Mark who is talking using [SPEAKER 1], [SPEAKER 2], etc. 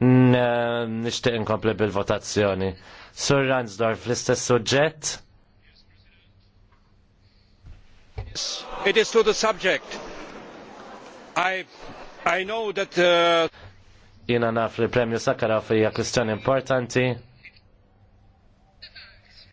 [SPEAKER 1] nixtieq inkompli bil-votazzjoni. Sur Ransdorf, l-istess suġġett? It is to the
[SPEAKER 2] subject. I, I know that... Uh...
[SPEAKER 1] Jina naf li premju Sakara hija kwistjoni importanti